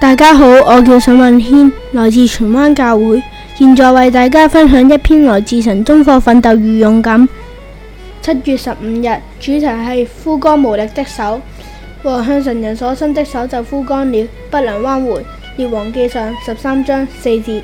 大家好，我叫沈運軒，來自荃灣教會，現在為大家分享一篇來自神中課奮鬥與勇敢。七月十五日，主題係枯乾無力的手，王向神人所伸的手就枯乾了，不能彎回。列王記上十三章四節。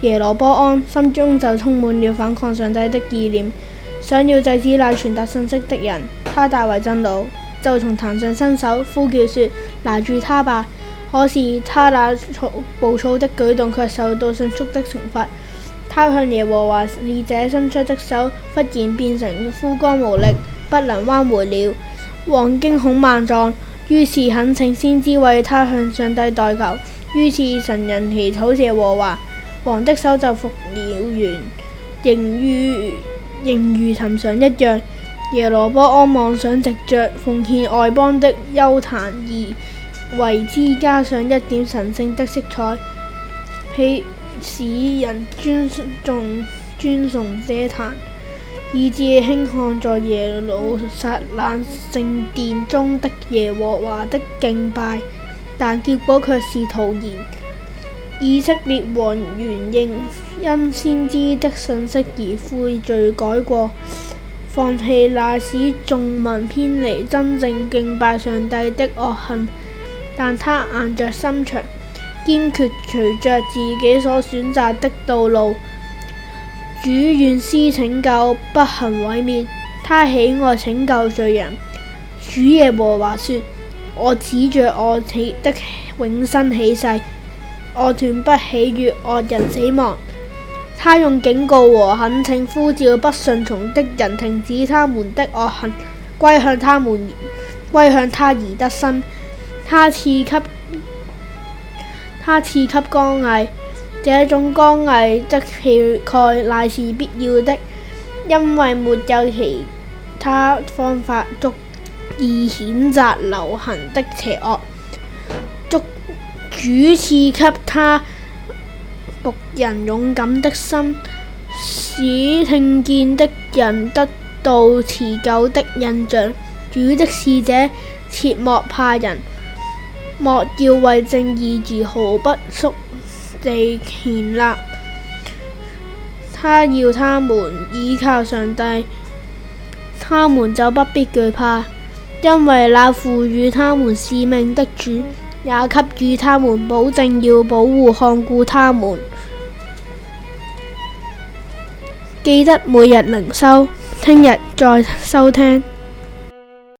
耶羅波安心中就充滿了反抗上帝的意念，想要制止那傳達信息的人，他大為震怒，就從壇上伸手呼叫說，拿住他吧！可是他那粗暴躁的舉動却受到迅速的懲罰。他向耶和華使者伸出的手忽然變成枯乾無力，不能彎回了。王驚恐萬狀，於是懇請先知為他向上帝代求。於是神人祈禱耶和華，王的手就復了原，仍如仍如尋常一樣。耶羅波安妄想藉著奉獻外邦的邱壇而為之加上一點神聖的色彩，使使人尊重尊崇嗟嘆，以至輕看在耶路撒冷聖殿中的耶和華的敬拜，但結果卻是徒然。以色列王原應因先知的信息而悔罪改過，放棄那使眾民偏離真正敬拜上帝的惡行。但他硬着心腸，堅決隨著自己所選擇的道路。主願施拯救，不幸毀滅。他喜愛拯救罪人。主耶和華說：我指着我的永生起誓，我斷不喜悅惡人死亡。他用警告和懇請呼召不順從的人停止他們的惡行，歸向他們，歸向他而得生。他賜給，他賜給剛毅，這種剛毅的氣概，乃是必要的，因為沒有其他方法足以譴責流行的邪惡。足主賜給他僕人勇敢的心，使聽見的人得到持久的印象。主的使者，切莫怕人。莫要為正義而毫不縮地懸立，他要他們依靠上帝，他們就不必懼怕，因為那賦予他們使命的主也給予他們保證，要保護看顧他們。記得每日靈修，聽日再收聽。